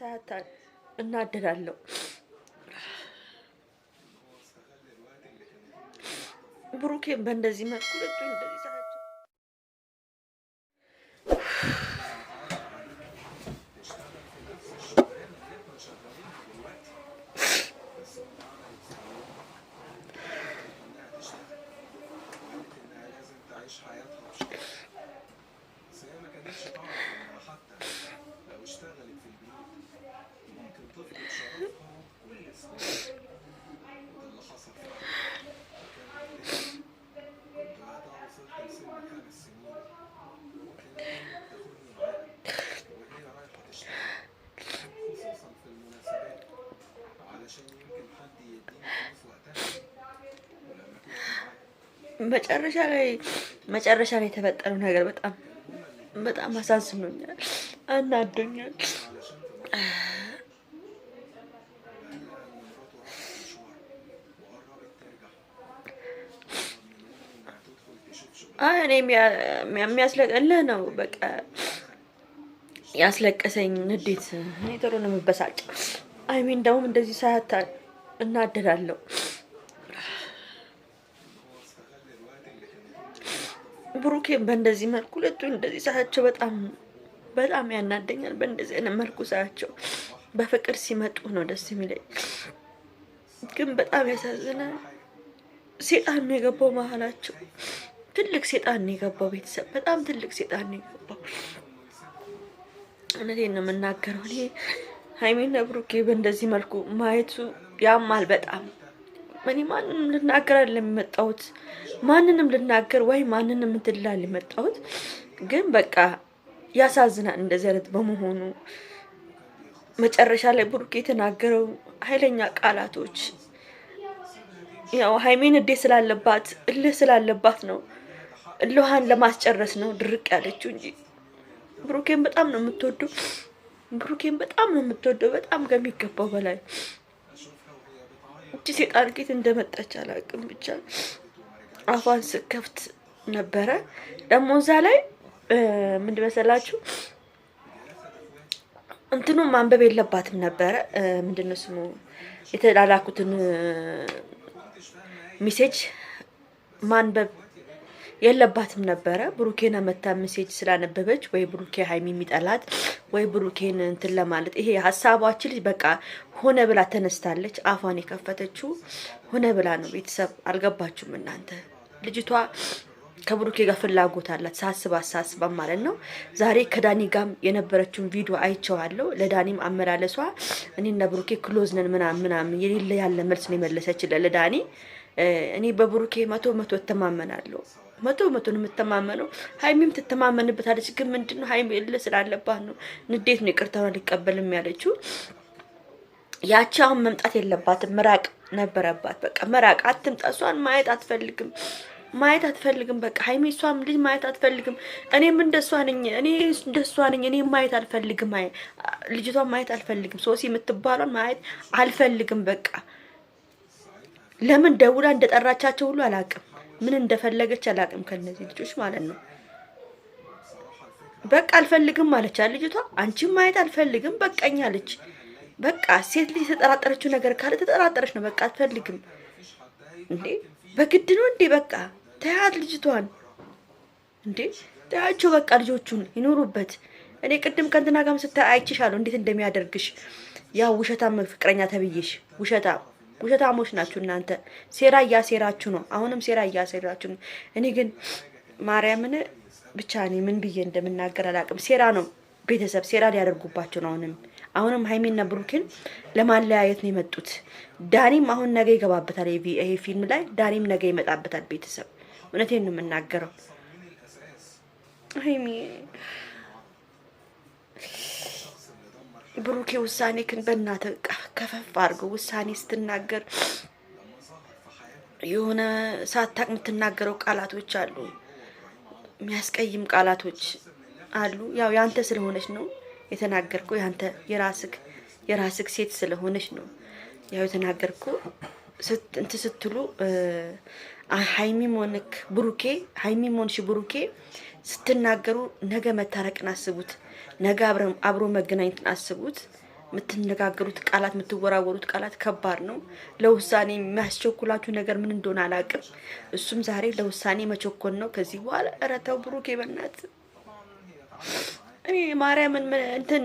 ሳያታ እናደዳለሁ። ብሩኬን በእንደዚህ መልኩ እንደዚህ መጨረሻ ላይ መጨረሻ ላይ የተፈጠረው ነገር በጣም በጣም አሳዝኖኛል፣ አናዶኛል። እኔ የሚያስለቀልህ ነው በቃ ያስለቀሰኝ ንዴት። እኔ ጥሩ ነው የምበሳጭ አይሚን፣ እንደውም እንደዚህ ሳያታ እናደዳለሁ። ብሩኬን በእንደዚህ መልኩ ሁለቱ እንደዚህ ሳያቸው በጣም በጣም ያናደኛል። በእንደዚህ አይነት መልኩ ሳያቸው በፍቅር ሲመጡ ነው ደስ የሚለኝ፣ ግን በጣም ያሳዝናል። ሴጣን ነው የገባው መሀላቸው። ትልቅ ሴጣን ነው የገባው ቤተሰብ፣ በጣም ትልቅ ሴጣን ነው የገባው። እውነቴን ነው የምናገረው። እኔ ሀይሜና ብሩኬ በእንደዚህ መልኩ ማየቱ ያማል በጣም እኔ ማንንም ልናገር አይደለም የመጣሁት፣ ማንንም ልናገር ወይ ማንንም እንትላል የመጣሁት ግን በቃ ያሳዝናል። እንደዚህ አይነት በመሆኑ መጨረሻ ላይ ብሩክ የተናገረው ኃይለኛ ቃላቶች ያው ሀይሜን እዴ ስላለባት እልህ ስላለባት ነው እልሃን ለማስጨረስ ነው ድርቅ ያለችው እንጂ ብሩኬን በጣም ነው የምትወደው። ብሩኬን በጣም ነው የምትወደው፣ በጣም ከሚገባው በላይ እቺ ሴጣን ጌት እንደመጣች አላውቅም፣ ብቻ አፏን ስከፍት ነበረ። ደግሞ እዛ ላይ ምንድን መሰላችሁ እንትኑ ማንበብ የለባትም ነበረ። ምንድን ነው ስሙ የተላላኩትን ሚሴጅ ማንበብ የለባትም ነበረ። ብሩኬን መታ ሜሴጅ ስላነበበች ወይ ብሩኬ ሀይሚ የሚጠላት ወይ ብሩኬን እንትን ለማለት ይሄ ሀሳባችን ልጅ በቃ ሆነ ብላ ተነስታለች። አፏን የከፈተችው ሆነ ብላ ነው። ቤተሰብ አልገባችሁም እናንተ። ልጅቷ ከብሩኬ ጋር ፍላጎት አላት ሳስባ ሳስባ ማለት ነው። ዛሬ ከዳኒ ጋም የነበረችውን ቪዲዮ አይቼዋለሁ። ለዳኒም አመላለሷ እኔና ብሩኬ ክሎዝ ነን ምናምን ምናምን የሌለ ያለ መልስ ነው የመለሰችለ ለዳኒ እኔ በብሩኬ መቶ መቶ እተማመናለሁ። መቶ መቶ ነው የምተማመነው። ሀይሚም ትተማመንበታለች። ግን ምንድነው ሀይሚ እልህ ስላለባት ነው፣ ንዴት ነው። ይቅርታውን አልቀበልም ያለችው ያቺ አሁን መምጣት የለባትም ምራቅ ነበረባት። በቃ ምራቅ አትምጣ። እሷን ማየት አትፈልግም ማየት አትፈልግም። በቃ ሀይሚ እሷም ልጅ ማየት አትፈልግም። እኔም እንደሷ ነኝ፣ እኔ እንደሷ ነኝ። እኔ ማየት አልፈልግም። አይ ልጅቷን ማየት አልፈልግም። ሶሲ የምትባሏን ማየት አልፈልግም። በቃ ለምን ደውላ እንደጠራቻቸው ሁሉ አላውቅም። ምን እንደፈለገች አላውቅም። ከነዚህ ልጆች ማለት ነው። በቃ አልፈልግም አለች ልጅቷ። አንቺም ማየት አልፈልግም በቃኝ አለች። በቃ ሴት ልጅ የተጠራጠረችው ነገር ካለ ተጠራጠረች ነው። በቃ አልፈልግም እንዴ! በግድ ነው እንዴ? በቃ ተያት ልጅቷን እንዴ! ተያቸው በቃ ልጆቹን ይኖሩበት። እኔ ቅድም ከእንትና ጋርም ስታይ አይችሻለሁ እንዴት እንደሚያደርግሽ ያ ውሸታም ፍቅረኛ ተብዬሽ ውሸታም ውሸታሞች ናችሁ እናንተ። ሴራ እያሴራችሁ ነው። አሁንም ሴራ እያሴራችሁ ነው። እኔ ግን ማርያምን ብቻ እኔ ምን ብዬ እንደምናገር አላውቅም። ሴራ ነው ቤተሰብ ሴራ ሊያደርጉባቸው ነው። አሁንም አሁንም ሀይሜና ብሩኬን ለማለያየት ነው የመጡት። ዳኒም አሁን ነገ ይገባበታል። ይሄ ፊልም ላይ ዳኒም ነገ ይመጣበታል። ቤተሰብ እውነቴን ነው የምናገረው። ሀይሜ ብሩኬ ውሳኔ ክን በእናተቃ ከፈፍ አድርገው ውሳኔ ስትናገር የሆነ ሳታቅ የምትናገረው ቃላቶች አሉ፣ የሚያስቀይም ቃላቶች አሉ። ያው ያንተ ስለሆነች ነው የተናገርኩ፣ ያንተ የራስክ የራስክ ሴት ስለሆነች ነው ያው የተናገርኩ። እንት ስትሉ ሀይሚም ብሩኬ፣ ሀይሚም ብሩኬ ስትናገሩ ነገ መታረቅን አስቡት። ነገ አብሮ መገናኘትን አስቡት። የምትነጋገሩት ቃላት የምትወራወሩት ቃላት ከባድ ነው። ለውሳኔ የሚያስቸኩላችሁ ነገር ምን እንደሆነ አላውቅም። እሱም ዛሬ ለውሳኔ መቸኮን ነው። ከዚህ በኋላ ኧረ ተው ብሩክ፣ በእናት እኔ ማርያምን እንትን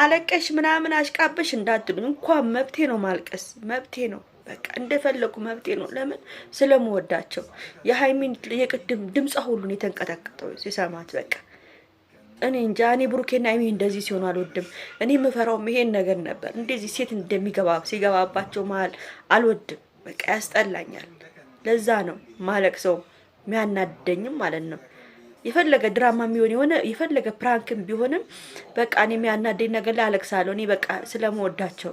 አለቀሽ ምናምን አሽቃበሽ እንዳትሉኝ። እንኳን መብቴ ነው ማልቀስ፣ መብቴ ነው በቃ እንደፈለጉ መብቴ ነው። ለምን ስለምወዳቸው የሀይሚን የቅድም ድምፃ ሁሉን የተንቀጠቀጠው ሲሰማት በቃ እኔ እንጃ እኔ ብሩኬና አይሚ እንደዚህ ሲሆኑ አልወድም። እኔ የምፈራውም ይሄን ነገር ነበር። እንደዚህ ሴት እንደሚገባ ሲገባባቸው መሀል አልወድም። በቃ ያስጠላኛል። ለዛ ነው ማለቅ ሰው የሚያናደኝም ማለት ነው። የፈለገ ድራማ የሚሆን የሆነ የፈለገ ፕራንክም ቢሆንም በቃ እኔ የሚያናደኝ ነገር ላይ አለቅሳለሁ። እኔ በቃ ስለመወዳቸው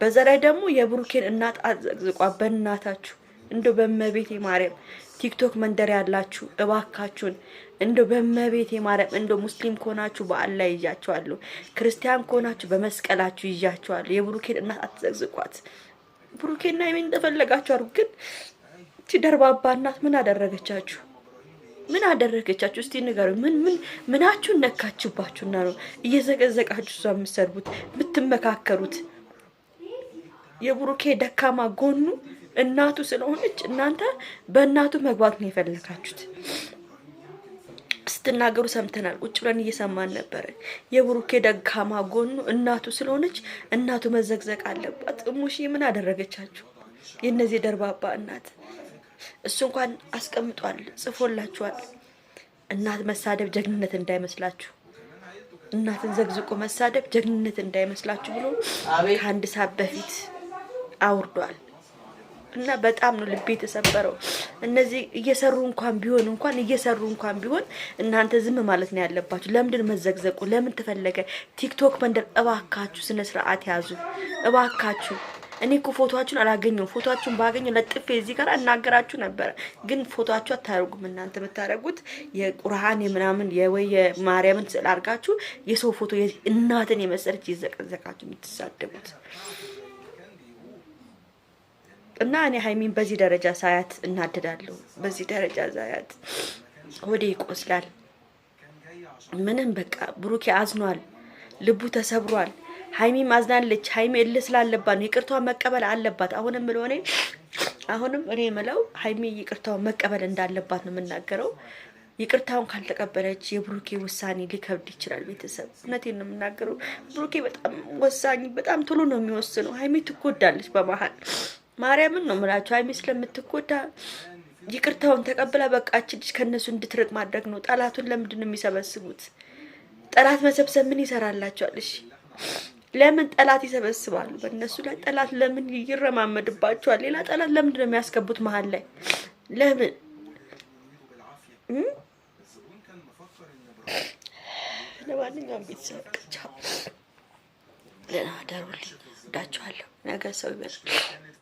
በዛ ላይ ደግሞ የብሩኬን እናት አዘቅዝቋ በእናታችሁ እንደው በመቤቴ ማርያም ቲክቶክ መንደር ያላችሁ እባካችሁን እንደ በመቤት የማርያም እንደ ሙስሊም ከሆናችሁ ላይ ይዣችኋለሁ። ክርስቲያን ከሆናችሁ በመስቀላችሁ ይዣችኋለሁ። የብሩኬን እናት አትዘግዝቋት። ብሩኬና የምን እንደፈለጋችሁ አድርጉ። ግን እቺ ደርባባ እናት ምን አደረገቻችሁ? ምን አደረገቻችሁ? እስቲ ንገሩ። ምን ምን ምናችሁን ነካችሁባችሁና ነው እየዘቀዘቃችሁ እሷ የምትሰድቡት የምትመካከሩት? የብሩኬ ደካማ ጎኑ እናቱ ስለሆነች እናንተ በእናቱ መግባት ነው የፈለጋችሁት። ስትናገሩ ሰምተናል። ቁጭ ብለን እየሰማን ነበረ። የብሩኬ ደካማ ጎኑ እናቱ ስለሆነች እናቱ መዘግዘቅ አለባት። እሙሽ ምን አደረገቻችሁ? የእነዚህ ደርባባ እናት እሱ እንኳን አስቀምጧል፣ ጽፎላችኋል። እናት መሳደብ ጀግንነት እንዳይመስላችሁ እናትን ዘግዝቆ መሳደብ ጀግንነት እንዳይመስላችሁ ብሎ ከአንድ ሰዓት በፊት አውርዷል። እና በጣም ነው ልቤ የተሰበረው። እነዚህ እየሰሩ እንኳን ቢሆን እንኳን እየሰሩ እንኳን ቢሆን እናንተ ዝም ማለት ነው ያለባችሁ። ለምንድን መዘግዘቁ? ለምን ተፈለገ ቲክቶክ መንደር? እባካችሁ ስነ ስርዓት ያዙ እባካችሁ። እኔ እኮ ፎቶአችሁን አላገኘው። ፎቶአችሁን ባገኘው ለጥፌ እዚህ ጋር እናገራችሁ ነበረ። ግን ፎቶአችሁ አታደርጉም። እናንተ የምታደርጉት የቁርአን የምናምን የወይ የማርያምን ስል አድርጋችሁ የሰው ፎቶ እናትን የመሰለች ይዘቀዘቃችሁ የምትሳደቡት እና እኔ ሀይሚን በዚህ ደረጃ ሳያት እናድዳለሁ። በዚህ ደረጃ ሳያት ወደ ይቆስላል። ምንም በቃ ብሩኬ አዝኗል፣ ልቡ ተሰብሯል። ሀይሚም አዝናለች። ሀይሚ እልህ ስላለባት ነው ይቅርቷ መቀበል አለባት። አሁንም ምልሆኔ አሁንም እኔ የምለው ሀይሚ ይቅርታውን መቀበል እንዳለባት ነው የምናገረው። ይቅርታውን ካልተቀበለች የብሩኬ ውሳኔ ሊከብድ ይችላል። ቤተሰብ እውነቴን ነው የምናገረው። ብሩኬ በጣም ወሳኝ፣ በጣም ቶሎ ነው የሚወስነው። ሀይሚ ትጎዳለች በመሀል ማርያምን ነው ምላችሁ። ሀይሚ ስለምትጎዳ ይቅርታውን ተቀብላ በቃ ልጅ ከእነሱ እንድትርቅ ማድረግ ነው። ጠላቱን ለምንድን ነው የሚሰበስቡት? ጠላት መሰብሰብ ምን ይሰራላቸዋል? እሺ ለምን ጠላት ይሰበስባሉ? በእነሱ ላይ ጠላት ለምን ይረማመድባቸዋል? ሌላ ጠላት ለምንድን ነው የሚያስገቡት መሀል ላይ ለምን? ለማንኛውም ቤተሰብ ቅቻ ደህና ደሩልኝ። ነገ ሰው ይበል።